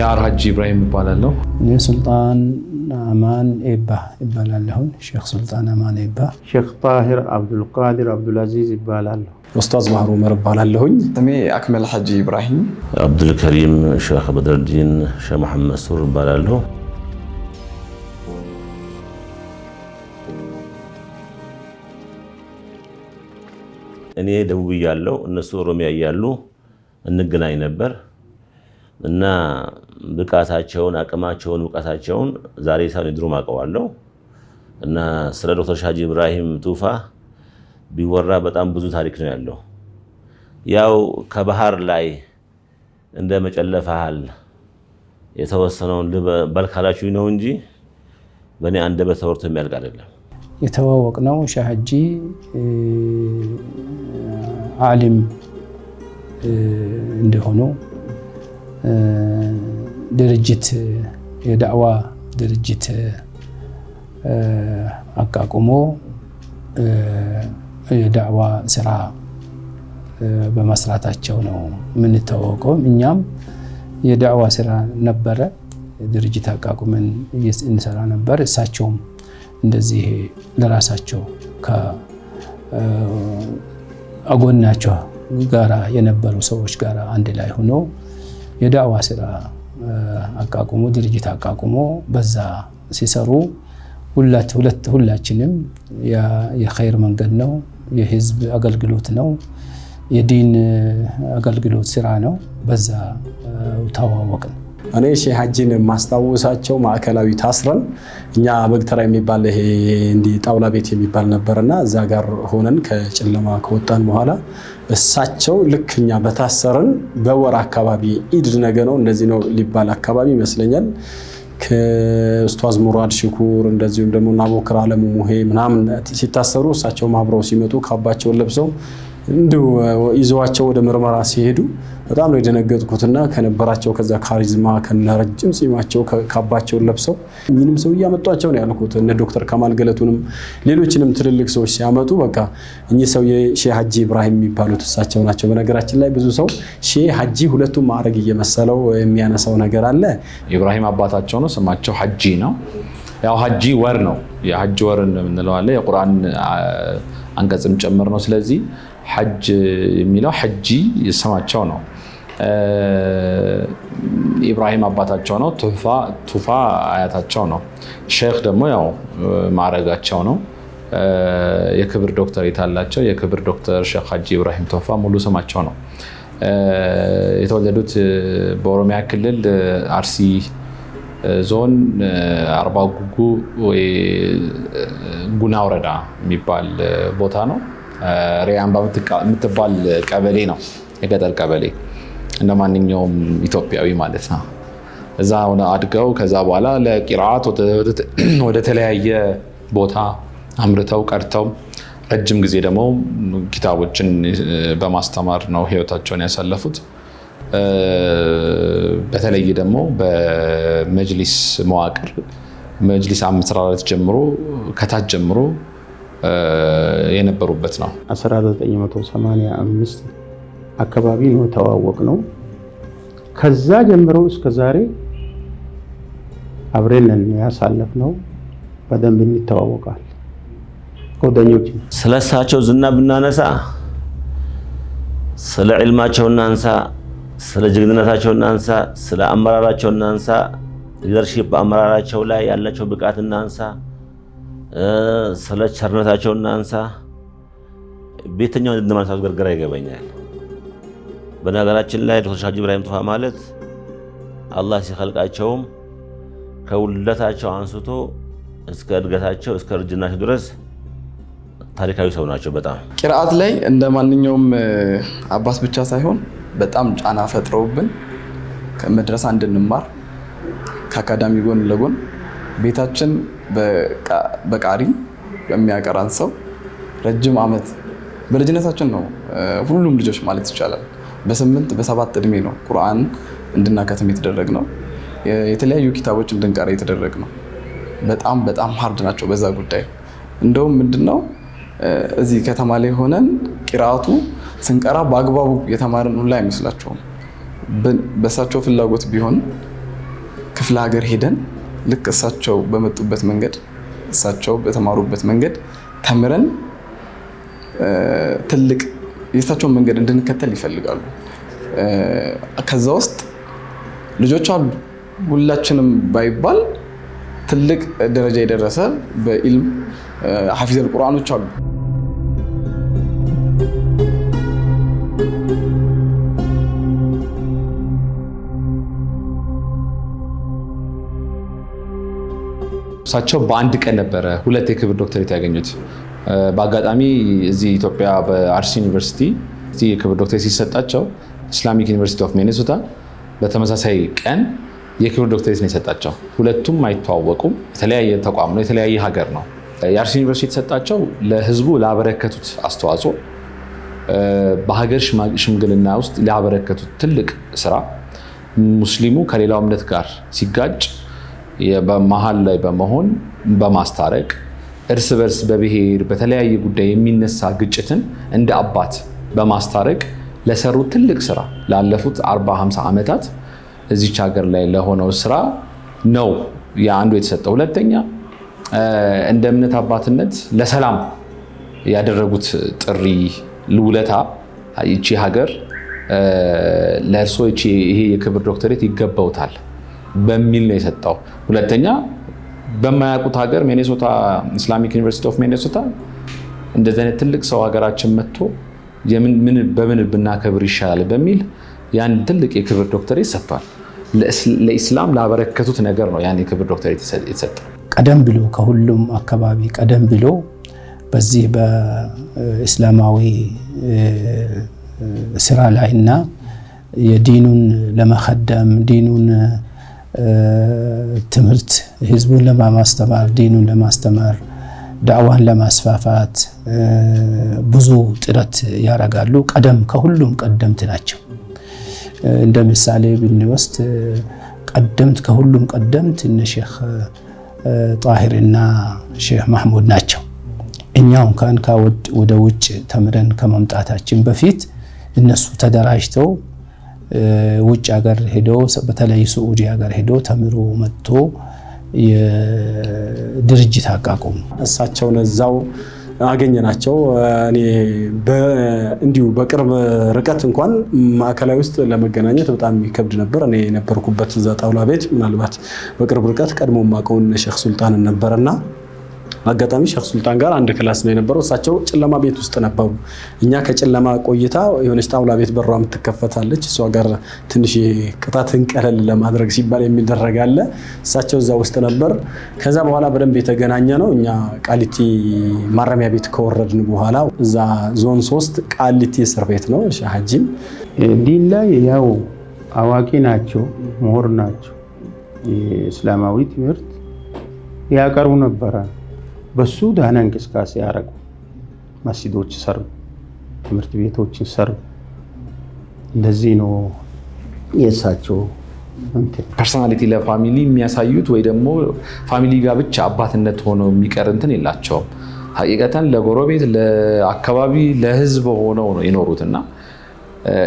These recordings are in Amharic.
اختيار حج ابراهيم يبالله اني سلطان امان ايبا يبالله شيخ سلطان امان ايبا شيخ طاهر عبد القادر عبد العزيز يبالله استاذ مهرو مرب الله سمي اكمل حج ابراهيم عبد الكريم شيخ بدر الدين شيخ محمد سور يبالله እኔ ደቡብ እያለው እነሱ ኦሮሚያ እያሉ እንገናኝ ነበር። እና ብቃታቸውን፣ አቅማቸውን፣ እውቀታቸውን ዛሬ ሳይሆን ድሮ አውቀዋለሁ እና ስለ ዶክተር ሻጂ ኢብራሂም ቱፋ ቢወራ በጣም ብዙ ታሪክ ነው ያለው። ያው ከባህር ላይ እንደ መጨለፈሃል የተወሰነውን በልካላችሁ ነው እንጂ በእኔ አንደበት ተወርቶ የሚያልቅ አይደለም። የተዋወቅ ነው ሻጂ አሊም እንደሆነው ድርጅት የዳዕዋ ድርጅት አቋቁሞ የዳዕዋ ስራ በመስራታቸው ነው የምንታወቀው። እኛም የዳዕዋ ስራ ነበረ ድርጅት አቋቁመን እንሰራ ነበር። እሳቸውም እንደዚህ ለራሳቸው ከአጎናቸው ጋራ የነበሩ ሰዎች ጋር አንድ ላይ ሆኖ የዳዋ ስራ አቋቁሞ ድርጅት አቋቁሞ በዛ ሲሰሩ ሁላችንም የኸይር መንገድ ነው፣ የህዝብ አገልግሎት ነው፣ የዲን አገልግሎት ስራ ነው። በዛ ተዋወቅን። እኔ ሼህ ሀጂን የማስታውሳቸው ማዕከላዊ ታስረን እኛ በግተራ የሚባል ይሄ እንዲህ ጣውላ ቤት የሚባል ነበርና እዛ ጋር ሆነን ከጨለማ ከወጣን በኋላ እሳቸው ልክ እኛ በታሰርን በወር አካባቢ ኢድ ነገ ነው እንደዚህ ነው ሊባል አካባቢ ይመስለኛል ከኡስታዝ ሙራድ ሽኩር እንደዚሁም ደግሞ ናቦክር አለሙ ሙሄ ምናምን ሲታሰሩ እሳቸውም አብረው ሲመጡ ካባቸውን ለብሰው እንዲሁ ይዘዋቸው ወደ ምርመራ ሲሄዱ በጣም ነው የደነገጥኩትና ከነበራቸው ከዛ ካሪዝማ ከነረጅም ጺማቸው ካባቸውን ለብሰው ምንም ሰው እያመጧቸው ነው ያልኩት። እነ ዶክተር ከማል ገለቱንም ሌሎችንም ትልልቅ ሰዎች ሲያመጡ በቃ እኚህ ሰው የሼህ ሀጂ ኢብራሂም የሚባሉት እሳቸው ናቸው። በነገራችን ላይ ብዙ ሰው ሼህ ሀጂ ሁለቱም ማዕረግ እየመሰለው የሚያነሳው ነገር አለ። ኢብራሂም አባታቸው ነው፣ ስማቸው ሀጂ ነው። ያው ሀጂ ወር ነው የሀጅ ወር እንለዋለን። የቁርአን አንቀጽም ጭምር ነው። ስለዚህ ሐጅ የሚለው ሐጂ ስማቸው ነው። ኢብራሂም አባታቸው ነው። ቱፋ አያታቸው ነው። ሼክ ደግሞ ያው ማዕረጋቸው ነው። የክብር ዶክተሬት አላቸው። የክብር ዶክተር ሼክ ሀጂ ኢብራሂም ቱፋ ሙሉ ስማቸው ነው። የተወለዱት በኦሮሚያ ክልል አርሲ ዞን አርባ ጉጉ ወይ ጉና ወረዳ የሚባል ቦታ ነው። ሪያምባ የምትባል ቀበሌ ነው፣ የገጠር ቀበሌ እንደ ማንኛውም ኢትዮጵያዊ ማለት ነው። እዛ ሆነ አድገው ከዛ በኋላ ለቂራአት ወደ ተለያየ ቦታ አምርተው ቀርተው ረጅም ጊዜ ደግሞ ኪታቦችን በማስተማር ነው ህይወታቸውን ያሳለፉት። በተለይ ደግሞ በመጅሊስ መዋቅር መጅሊስ አመሰራረት ጀምሮ ከታች ጀምሮ የነበሩበት ነው 1985 አካባቢ ነው ተዋወቅ ነው። ከዛ ጀምሮ እስከ ዛሬ አብረን ያሳለፍ ነው። በደንብ እንተዋወቃል። ጓደኞች ስለ እሳቸው ዝና ብናነሳ ስለ ዕልማቸው እናንሳ፣ ስለ ጀግንነታቸው እናንሳ፣ ስለ አመራራቸው እናንሳ፣ ሊደርሺፕ አመራራቸው ላይ ያላቸው ብቃት እናንሳ፣ ስለ ቸርነታቸው እናንሳ። ቤተኛው እንደማንሳት ገርገራ ይገባኛል። በነገራችን ላይ ዶክተር ሻጅ ኢብራሂም ቱፋ ማለት አላህ ሲኸልቃቸውም ከውልደታቸው አንስቶ እስከ እድገታቸው እስከ እርጅናቸው ድረስ ታሪካዊ ሰው ናቸው። በጣም ቂርአት ላይ እንደ ማንኛውም አባት ብቻ ሳይሆን በጣም ጫና ፈጥረውብን ከመድረሳ እንድንማር ከአካዳሚ ጎን ለጎን ቤታችን በቃሪ የሚያቀራን ሰው ረጅም ዓመት በልጅነታችን ነው ሁሉም ልጆች ማለት ይቻላል በስምንት በሰባት እድሜ ነው ቁርአን እንድናከትም የተደረግ ነው። የተለያዩ ኪታቦች እንድንቀራ የተደረግ ነው። በጣም በጣም ሀርድ ናቸው በዛ ጉዳይ። እንደውም ምንድነው እዚህ ከተማ ላይ ሆነን ቂራአቱ ስንቀራ በአግባቡ የተማርን ሁላ አይመስላቸውም። በእሳቸው ፍላጎት ቢሆን ክፍለ ሀገር ሄደን ልክ እሳቸው በመጡበት መንገድ እሳቸው በተማሩበት መንገድ ተምረን ትልቅ የእሳቸውን መንገድ እንድንከተል ይፈልጋሉ። ከዛ ውስጥ ልጆች አሉ። ሁላችንም ባይባል ትልቅ ደረጃ የደረሰ በኢልም ሐፊዘል ቁርአኖች አሉ። እሳቸው በአንድ ቀን ነበረ ሁለት የክብር ዶክተሬት ያገኙት። በአጋጣሚ እዚህ ኢትዮጵያ በአርሲ ዩኒቨርሲቲ የክብር ዶክተሬት ሲሰጣቸው ኢስላሚክ ዩኒቨርሲቲ ኦፍ ሚኒሶታ በተመሳሳይ ቀን የክብር ዶክተሬት ነው የሰጣቸው። ሁለቱም አይተዋወቁም። የተለያየ ተቋም ነው፣ የተለያየ ሀገር ነው። የአርሲ ዩኒቨርሲቲ የተሰጣቸው ለህዝቡ ላበረከቱት አስተዋጽኦ፣ በሀገር ሽምግልና ውስጥ ላበረከቱት ትልቅ ስራ፣ ሙስሊሙ ከሌላው እምነት ጋር ሲጋጭ በመሀል ላይ በመሆን በማስታረቅ እርስ በርስ በብሔር በተለያየ ጉዳይ የሚነሳ ግጭትን እንደ አባት በማስታረቅ ለሰሩት ትልቅ ስራ ላለፉት 40 50 ዓመታት እዚች ሀገር ላይ ለሆነው ስራ ነው የአንዱ የተሰጠው። ሁለተኛ እንደ እምነት አባትነት ለሰላም ያደረጉት ጥሪ ልውለታ ይቺ ሀገር ለእርሶ ይሄ የክብር ዶክተሬት ይገባውታል በሚል ነው የሰጠው። ሁለተኛ በማያውቁት ሀገር ሚኔሶታ ኢስላሚክ ዩኒቨርሲቲ ኦፍ ሚኔሶታ እንደዚህ አይነት ትልቅ ሰው ሀገራችን መጥቶ በምን ብናከብር ይሻላል በሚል ያን ትልቅ የክብር ዶክተሬት ሰጥቷል። ለኢስላም ላበረከቱት ነገር ነው ያን የክብር ዶክተር የተሰጠ። ቀደም ብሎ ከሁሉም አካባቢ ቀደም ብሎ በዚህ በእስላማዊ ስራ ላይ እና የዲኑን ለመከደም ዲኑን ትምህርት ህዝቡን ለማስተማር ዲኑን ለማስተማር ዳዕዋን ለማስፋፋት ብዙ ጥረት ያደርጋሉ። ቀደም ከሁሉም ቀደምት ናቸው። እንደ ምሳሌ ብንወስድ ቀደምት ከሁሉም ቀደምት እነ ሼክ ጣሂርና ሼክ ማህሙድ ናቸው። እኛው እንኳን ወደ ውጭ ተምረን ከመምጣታችን በፊት እነሱ ተደራጅተው ውጭ ሀገር ሄዶ በተለይ ሱዑዲ ሀገር ሄዶ ተምሮ መጥቶ የድርጅት አቋቁም እሳቸውን እዛው አገኘናቸው። እኔ እንዲሁ በቅርብ ርቀት እንኳን ማዕከላዊ ውስጥ ለመገናኘት በጣም ይከብድ ነበር። እኔ የነበርኩበት እዛ ጣውላ ቤት ምናልባት በቅርብ ርቀት ቀድሞ ማቀውን ሼክ ሱልጣንን ነበርና በአጋጣሚ ሸክ ሱልጣን ጋር አንድ ክላስ ነው የነበረው። እሳቸው ጨለማ ቤት ውስጥ ነበሩ። እኛ ከጨለማ ቆይታ የሆነች ጣውላ ቤት በሯ የምትከፈታለች፣ እሷ ጋር ትንሽ ቅጣትን ቀለል ለማድረግ ሲባል የሚደረግ አለ። እሳቸው እዛ ውስጥ ነበር። ከዛ በኋላ በደንብ የተገናኘ ነው። እኛ ቃሊቲ ማረሚያ ቤት ከወረድን በኋላ እዛ ዞን ሶስት ቃሊቲ እስር ቤት ነው ሀጂም ዲን ላይ ያው አዋቂ ናቸው፣ ምሁር ናቸው። የእስላማዊ ትምህርት ያቀርቡ ነበራል። በሱ ዳህና እንቅስቃሴ አረጉ። መስጊዶች ሰሩ፣ ትምህርት ቤቶችን ሰሩ። እንደዚህ ነው የእሳቸው ፐርሶናሊቲ ለፋሚሊ የሚያሳዩት ወይ ደግሞ ፋሚሊ ጋር ብቻ አባትነት ሆኖ የሚቀር እንትን የላቸውም። ሀቂቀተን ለጎረቤት፣ ለአካባቢ፣ ለህዝብ ሆነው ነው የኖሩት እና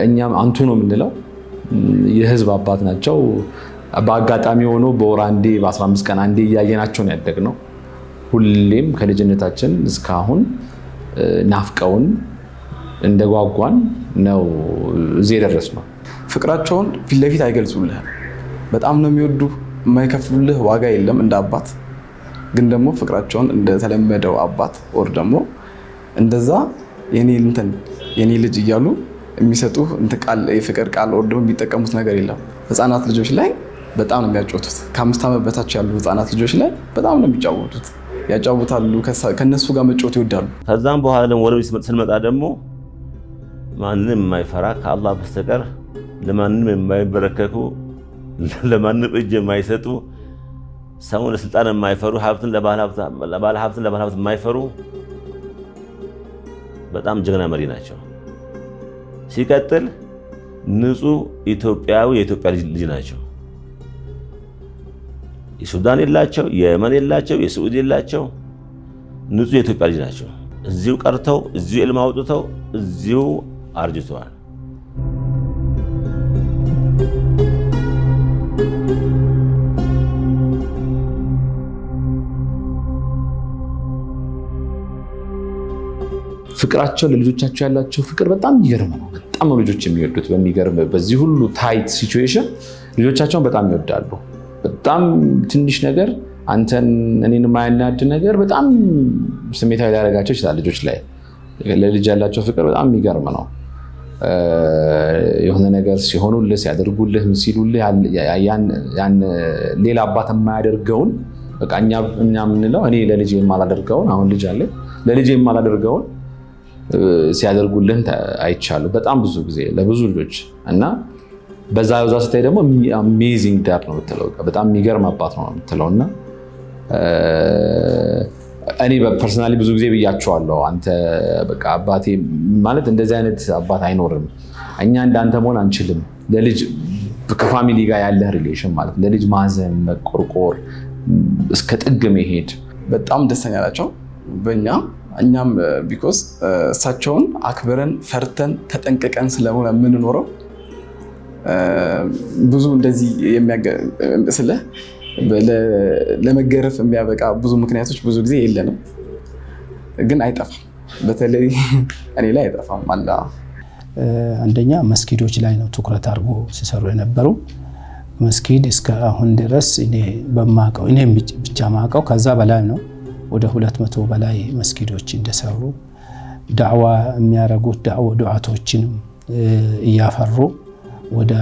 እኛም አንቱ ነው የምንለው የህዝብ አባት ናቸው። በአጋጣሚ ሆኖ በወር አንዴ በ15 ቀን አንዴ እያየናቸው ነው ያደግነው። ሁሌም ከልጅነታችን እስካሁን ናፍቀውን እንደ ጓጓን ነው እዚህ የደረስ ነው። ፍቅራቸውን ፊት ለፊት አይገልጹልህም። በጣም ነው የሚወዱ የማይከፍሉልህ ዋጋ የለም እንደ አባት ግን ደግሞ ፍቅራቸውን እንደተለመደው አባት ወር ደግሞ እንደዛ የኔ እንትን የኔ ልጅ እያሉ የሚሰጡ የፍቅር ቃል ወር ደግሞ የሚጠቀሙት ነገር የለም። ህፃናት ልጆች ላይ በጣም ነው የሚያጫወቱት። ከአምስት ዓመት በታች ያሉ ህፃናት ልጆች ላይ በጣም ነው የሚጫወቱት። ያጫውታሉ። ከነሱ ጋር መጫወት ይወዳሉ። ከዛም በኋላ ደግሞ ወደ ስንመጣ ደግሞ ማንም የማይፈራ ከአላህ በስተቀር ለማንም የማይበረከኩ ለማንም እጅ የማይሰጡ ሰውን ለስልጣን የማይፈሩ ሀብትን ለባለ ሀብትን ለባለ ሀብት የማይፈሩ በጣም ጀግና መሪ ናቸው። ሲቀጥል ንጹህ ኢትዮጵያዊ የኢትዮጵያ ልጅ ናቸው። የሱዳን የላቸው፣ የየመን የላቸው፣ የስዑድ የላቸው። ንጹህ የኢትዮጵያ ልጅ ናቸው። እዚሁ ቀርተው እዚሁ ዕልም አውጥተው እዚሁ አርጅተዋል። ፍቅራቸው ለልጆቻቸው ያላቸው ፍቅር በጣም የሚገርም ነው። በጣም ነው ልጆች የሚወዱት። በሚገርም በዚህ ሁሉ ታይት ሲቹዌሽን ልጆቻቸውን በጣም ይወዳሉ። በጣም ትንሽ ነገር አንተን እኔን የማያናድ ነገር በጣም ስሜታዊ ሊያደርጋቸው ይችላል። ልጆች ላይ ለልጅ ያላቸው ፍቅር በጣም የሚገርም ነው። የሆነ ነገር ሲሆኑልህ፣ ሲያደርጉልህ፣ ሲሉልህ ያን ሌላ አባት የማያደርገውን በቃ እኛ የምንለው እኔ ለልጅ የማላደርገውን አሁን ልጅ አለ ለልጅ የማላደርገውን ሲያደርጉልህ አይቻሉ በጣም ብዙ ጊዜ ለብዙ ልጆች እና በዛ ዛ ስታይ ደግሞ አሜዚንግ ዳድ ነው የምትለው፣ በጣም የሚገርም አባት ነው የምትለው። እና እኔ ፐርሰናሊ ብዙ ጊዜ ብያቸዋለሁ፣ አንተ በቃ አባቴ ማለት እንደዚህ አይነት አባት አይኖርም። እኛ እንዳንተ መሆን አንችልም። ለልጅ ከፋሚሊ ጋር ያለ ሪሌሽን ማለት ለልጅ ማዘን፣ መቆርቆር፣ እስከ ጥግ መሄድ በጣም ደስተኛ ናቸው በእኛ እኛም ቢኮዝ እሳቸውን አክብረን ፈርተን ተጠንቅቀን ስለሆነ የምንኖረው ብዙ እንደዚህ ስለ ለመገረፍ የሚያበቃ ብዙ ምክንያቶች ብዙ ጊዜ የለንም፣ ግን አይጠፋም። በተለይ እኔ ላይ አይጠፋም። አላ አንደኛ መስጊዶች ላይ ነው ትኩረት አድርጎ ሲሰሩ የነበሩ መስጊድ እስከ አሁን ድረስ እኔ በማቀው እኔ ብቻ ማቀው ከዛ በላይ ነው። ወደ ሁለት መቶ በላይ መስጊዶች እንደሰሩ ዳዕዋ የሚያደርጉት ዳዕዋ ዱዓቶችንም እያፈሩ ወደ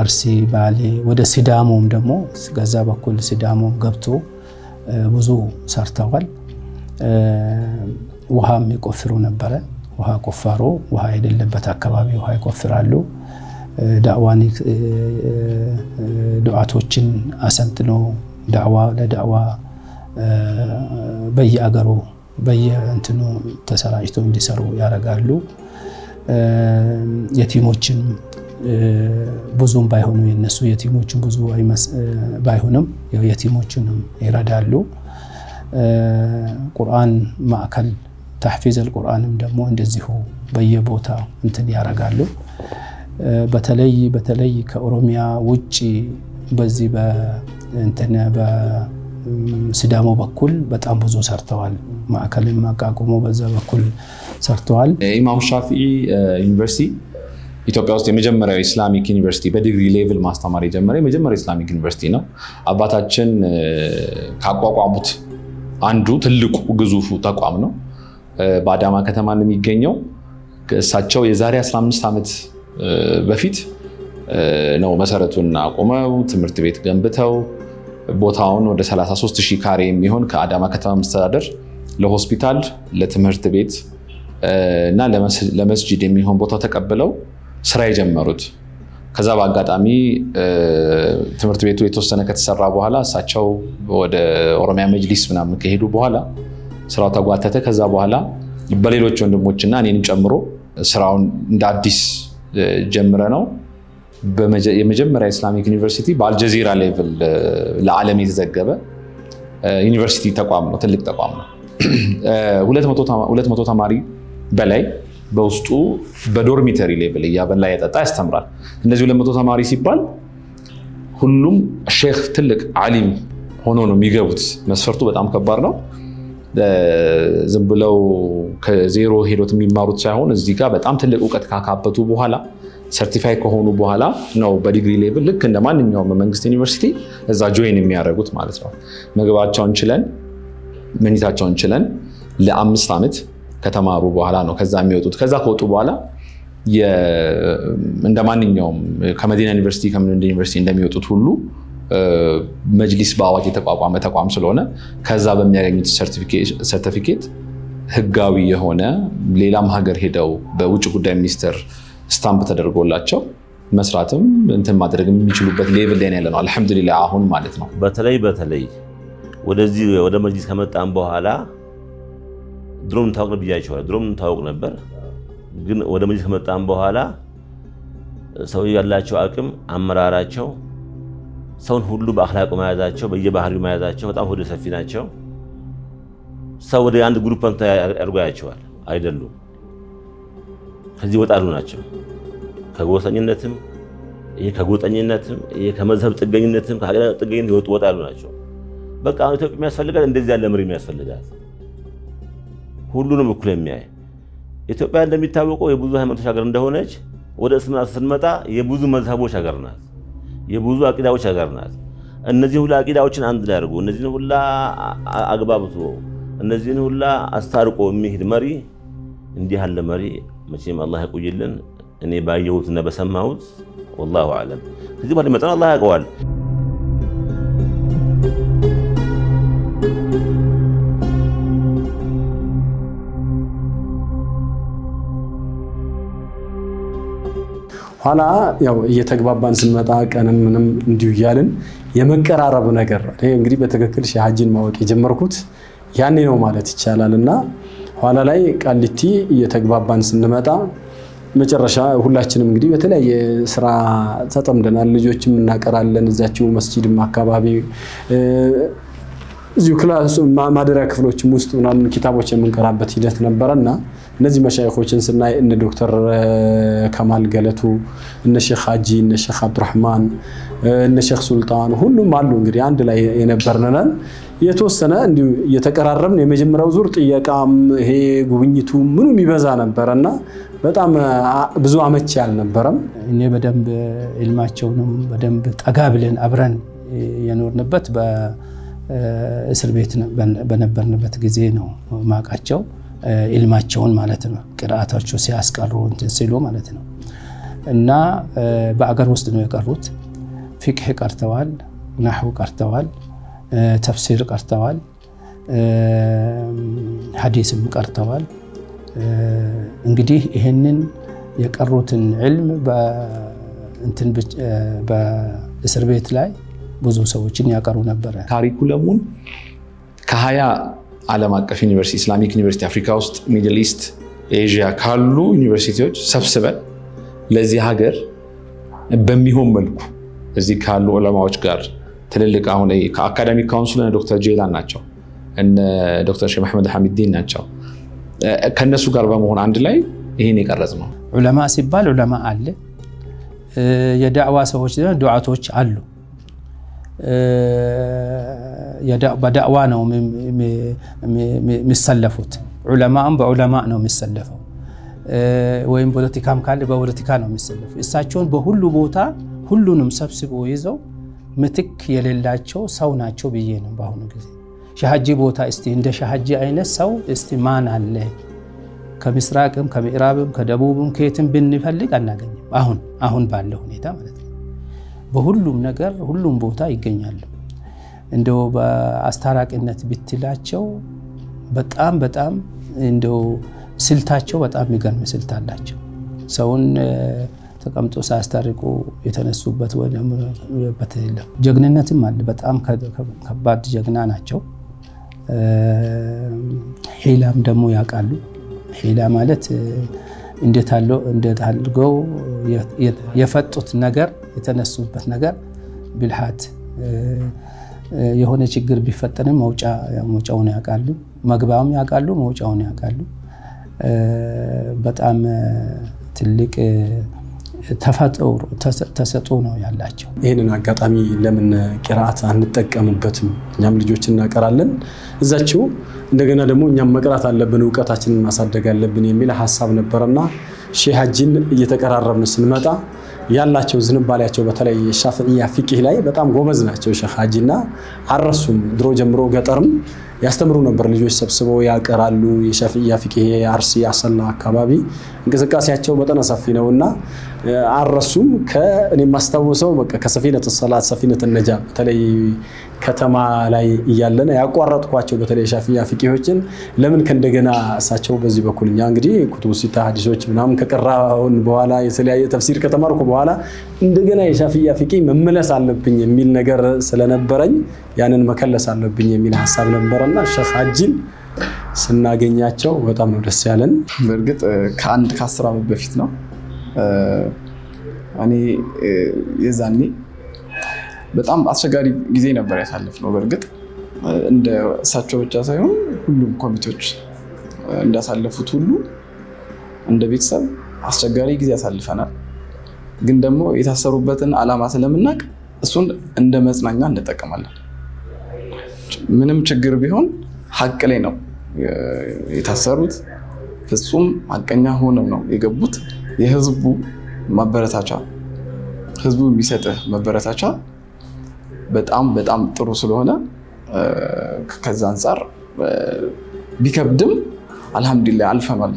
አርሲ ባሌ፣ ወደ ሲዳሞም ደግሞ ከዛ በኩል ሲዳሞም ገብቶ ብዙ ሰርተዋል። ውሃም ይቆፍሩ ነበረ። ውሃ ቆፋሮ ውሃ የሌለበት አካባቢ ውሃ ይቆፍራሉ። ዳዕዋን ዱዓቶችን አሰልጥኖ ዳዕዋ ለዳዕዋ በየአገሩ በየእንትኑ ተሰራጭቶ እንዲሰሩ ያደርጋሉ። የቲሞችን ብዙም ባይሆኑ የነሱ የቲሞችን ብዙ ባይሆንም የቲሞችንም ይረዳሉ። ቁርአን ማዕከል ተሕፊዘል ቁርአንም ደግሞ እንደዚሁ በየቦታ እንትን ያረጋሉ። በተለይ በተለይ ከኦሮሚያ ውጭ በዚህ በእንትን ሲዳሞ በኩል በጣም ብዙ ሰርተዋል። ማዕከልን ማቋቁሞ በዛ በኩል ሰርተዋል። ኢማም ሻፊዒ ዩኒቨርሲቲ ኢትዮጵያ ውስጥ የመጀመሪያው ኢስላሚክ ዩኒቨርሲቲ በዲግሪ ሌቭል ማስተማር የጀመረ የመጀመሪያው ኢስላሚክ ዩኒቨርሲቲ ነው። አባታችን ካቋቋሙት አንዱ ትልቁ ግዙፉ ተቋም ነው። በአዳማ ከተማ ነው የሚገኘው። እሳቸው የዛሬ 15 ዓመት በፊት ነው መሰረቱን አቁመው ትምህርት ቤት ገንብተው ቦታውን ወደ 33 ሺህ ካሬ የሚሆን ከአዳማ ከተማ መስተዳደር ለሆስፒታል፣ ለትምህርት ቤት እና ለመስጂድ የሚሆን ቦታ ተቀብለው ስራ የጀመሩት። ከዛ በአጋጣሚ ትምህርት ቤቱ የተወሰነ ከተሰራ በኋላ እሳቸው ወደ ኦሮሚያ መጅሊስ ምናምን ከሄዱ በኋላ ስራው ተጓተተ። ከዛ በኋላ በሌሎች ወንድሞችና እኔንም ጨምሮ ስራውን እንደ አዲስ ጀምረ ነው የመጀመሪያ ኢስላሚክ ዩኒቨርሲቲ በአልጀዚራ ሌቭል ለዓለም የተዘገበ ዩኒቨርሲቲ ተቋም ነው። ትልቅ ተቋም ነው። ሁለት መቶ ተማሪ በላይ በውስጡ በዶርሚተሪ ሌቭል እያበላ እያጠጣ ያስተምራል። እነዚህ ሁለት መቶ ተማሪ ሲባል ሁሉም ሼክ ትልቅ ዓሊም ሆኖ ነው የሚገቡት። መስፈርቱ በጣም ከባድ ነው። ዝም ብለው ከዜሮ ሄዶት የሚማሩት ሳይሆን እዚህ ጋር በጣም ትልቅ እውቀት ካካበቱ በኋላ ሰርቲፋይ ከሆኑ በኋላ ነው በዲግሪ ሌቭል ልክ እንደ ማንኛውም በመንግስት ዩኒቨርሲቲ እዛ ጆይን የሚያደርጉት ማለት ነው። ምግባቸውን ችለን መኝታቸውን ችለን ለአምስት ዓመት ከተማሩ በኋላ ነው ከዛ የሚወጡት። ከዛ ከወጡ በኋላ እንደ ማንኛውም ከመዲና ዩኒቨርሲቲ ከምንንድ ዩኒቨርሲቲ እንደሚወጡት ሁሉ መጅሊስ በአዋጅ የተቋቋመ ተቋም ስለሆነ ከዛ በሚያገኙት ሰርቲፊኬት ህጋዊ የሆነ ሌላም ሀገር ሄደው በውጭ ጉዳይ ሚኒስቴር ስታምፕ ተደርጎላቸው መስራትም እንትን ማድረግ የሚችሉበት ሌቭል ላይ ያለ ነው። አልሐምዱሊላ አሁን ማለት ነው። በተለይ በተለይ ወደዚህ ወደ መጅሊስ ከመጣም በኋላ ድሮም ታወቅ ብያቸዋል። ድሮም ታወቅ ነበር፣ ግን ወደ መጅሊስ ከመጣም በኋላ ሰው ያላቸው አቅም፣ አመራራቸው፣ ሰውን ሁሉ በአክላቁ መያዛቸው፣ በየባህሪው መያዛቸው በጣም ሆደ ሰፊ ናቸው። ሰው ወደ አንድ ግሩፕ ያርጓያቸዋል አይደሉም ከዚህ ወጣሉ ናቸው። ከጎሰኝነትም ይሄ ከጎጠኝነትም ይሄ ከመዝሀብ ጥገኝነትም ከሀገር ጥገኝነት ይወጡ ወጣሉ ናቸው። በቃ አሁን ኢትዮጵያ የሚያስፈልጋት እንደዚህ ያለ መሪ የሚያስፈልጋት ሁሉንም እኩል የሚያይ ኢትዮጵያ እንደሚታወቀው የብዙ ሃይማኖቶች ሀገር እንደሆነች ወደ እስልምና ስንመጣ የብዙ መዝሀቦች ሀገር ናት። የብዙ አቂዳዎች ሀገር ናት። እነዚህ ሁላ አቂዳዎችን አንድ ላይ አድርጎ እነዚህን ሁላ አግባብቶ እነዚህን ሁላ አስታርቆ የሚሄድ መሪ እንዲህ ያለ መሪ መቼም አላህ ያቆይልን። እኔ ባየሁትና በሰማሁት ወላሁ አለም። ከዚህ በኋላ መጠን አላህ ያውቀዋል። ኋላ ያው እየተግባባን ስንመጣ ቀን ምንም እንዲሁ እያልን የመቀራረብ ነገር እንግዲህ በትክክል ሀጅን ማወቅ የጀመርኩት ያኔ ነው ማለት ይቻላል እና ኋላ ላይ ቃሊቲ እየተግባባን ስንመጣ መጨረሻ ሁላችንም እንግዲህ በተለያየ ስራ ተጠምደናል። ልጆችም እናቀራለን እዛችው መስጂድም አካባቢ እዚሁ ክላስ ማደሪያ ክፍሎችም ውስጥ ምናምን ኪታቦች የምንቀራበት ሂደት ነበረ እና እነዚህ መሻይኮችን ስናይ እነ ዶክተር ከማል ገለቱ፣ እነ ሼክ ሀጂ፣ እነ ሼክ አብዱራህማን፣ እነ ሼክ ሱልጣን ሁሉም አሉ እንግዲህ አንድ ላይ የነበርንነን የተወሰነ እንዲሁ እየተቀራረብን የመጀመሪያው ዙር ጥየቃም ይሄ ጉብኝቱ ምኑ የሚበዛ ነበረ እና በጣም ብዙ አመቺ አልነበረም። እኔ በደንብ ህልማቸውንም በደንብ ጠጋ ብለን አብረን የኖርንበት በእስር ቤት በነበርንበት ጊዜ ነው ማቃቸው ኢልማቸውን ማለት ነው ቅርአታቸው ሲያስቀሩ እንትን ሲሉ ማለት ነው። እና በአገር ውስጥ ነው የቀሩት። ፊቅህ ቀርተዋል፣ ናሕው ቀርተዋል። ተፍሲር ቀርተዋል፣ ሀዲስም ቀርተዋል። እንግዲህ ይህንን የቀሩትን ዕልም በእስር ቤት ላይ ብዙ ሰዎችን ያቀሩ ነበረ። ካሪኩለሙን ከሀያ ዓለም አቀፍ ዩኒቨርሲቲ ኢስላሚክ ዩኒቨርሲቲ አፍሪካ ውስጥ ሚድል ኢስት ኤዥያ ካሉ ዩኒቨርሲቲዎች ሰብስበን ለዚህ ሀገር በሚሆን መልኩ እዚህ ካሉ ዑለማዎች ጋር ትልልቅ አሁን ከአካዳሚክ ካውንስል ዶክተር ጄላን ናቸው፣ ዶክተር ሼህ መሐመድ ሐሚዲን ናቸው። ከነሱ ጋር በመሆን አንድ ላይ ይህን የቀረጽ ነው። ዑለማ ሲባል ዑለማ አለ፣ የዳዕዋ ሰዎች ዱዓቶች አሉ። በዳዕዋ ነው የሚሰለፉት። ዑለማም በዑለማ ነው የሚሰለፈው። ወይም ፖለቲካም ካለ በፖለቲካ ነው የሚሰለፉ። እሳቸውን በሁሉ ቦታ ሁሉንም ሰብስቦ ይዘው ምትክ የሌላቸው ሰው ናቸው ብዬ ነው። በአሁኑ ጊዜ ሻሃጂ ቦታ እስቲ እንደ ሻሃጂ አይነት ሰው እስቲ ማን አለ? ከምስራቅም ከምዕራብም ከደቡብም ከየትም ብንፈልግ አናገኝም። አሁን አሁን ባለ ሁኔታ ማለት ነው። በሁሉም ነገር ሁሉም ቦታ ይገኛሉ። እንደው በአስታራቂነት ብትላቸው በጣም በጣም እንደው ስልታቸው በጣም የሚገርም ስልት አላቸው ሰውን ተቀምጦ ሳያስታርቁ የተነሱበት ወይ የለም። ጀግንነትም አለ። በጣም ከባድ ጀግና ናቸው። ሄላም ደግሞ ያውቃሉ። ሂላ ማለት እንዴት አድርገው የፈጡት ነገር የተነሱበት ነገር ብልሃት የሆነ ችግር ቢፈጠንም መውጫውን ያውቃሉ፣ መግቢያውም ያውቃሉ፣ መውጫውን ያውቃሉ። በጣም ትልቅ ተፈጥሮ ተሰጥኦ ነው ያላቸው። ይህንን አጋጣሚ ለምን ቂራአት አንጠቀምበትም? እኛም ልጆች እናቀራለን እዛችው። እንደገና ደግሞ እኛም መቅራት አለብን፣ እውቀታችንን ማሳደግ አለብን የሚል ሀሳብ ነበረና ሼህ ሀጂን እየተቀራረብን ስንመጣ ያላቸው ዝንባሌያቸው በተለይ ሻፍዕያ ፊቅህ ላይ በጣም ጎበዝ ናቸው ሼህ ሀጂና አረሱም ድሮ ጀምሮ ገጠርም ያስተምሩ ነበር። ልጆች ሰብስበው ያቀራሉ። የሸፍያ ፊቅሄ፣ አርሲ፣ አሰላ አካባቢ እንቅስቃሴያቸው መጠነ ሰፊ ነው እና አልረሱም። ከእኔ የማስታውሰው ከሰፊነት ሰላት፣ ሰፊነት ነጃ በተለይ ከተማ ላይ እያለን ያቋረጥኳቸው በተለይ ሻፊያ ፊቂዎችን ለምን ከእንደገና እሳቸው በዚህ በኩል እኛ እንግዲህ ኩቱብ ሲታ ሀዲሶች ምናምን ከቀራሁን በኋላ የተለያየ ተፍሲር ከተማርኩ በኋላ እንደገና የሻፊያ ፍቂ መመለስ አለብኝ የሚል ነገር ስለነበረኝ ያንን መከለስ አለብኝ የሚል ሀሳብ ነበረ። እና ሼህ ሀጂን ስናገኛቸው በጣም ነው ደስ ያለን። በእርግጥ ከአንድ ከአስር ዓመት በፊት ነው እኔ የዛኔ በጣም አስቸጋሪ ጊዜ ነበር ነው። በእርግጥ እንደ እሳቸው ብቻ ሳይሆን ሁሉም ኮሚቴዎች እንዳሳለፉት ሁሉ እንደ ቤተሰብ አስቸጋሪ ጊዜ ያሳልፈናል። ግን ደግሞ የታሰሩበትን ዓላማ ስለምናውቅ እሱን እንደ መጽናኛ እንጠቀማለን። ምንም ችግር ቢሆን ሀቅ ላይ ነው የታሰሩት። ፍጹም ሀቀኛ ሆነው ነው የገቡት። የህዝቡ ማበረታቻ ህዝቡ የሚሰጥህ መበረታቻ በጣም በጣም ጥሩ ስለሆነ ከዛ አንጻር ቢከብድም አልሐምዱሊላህ አልፈኗል።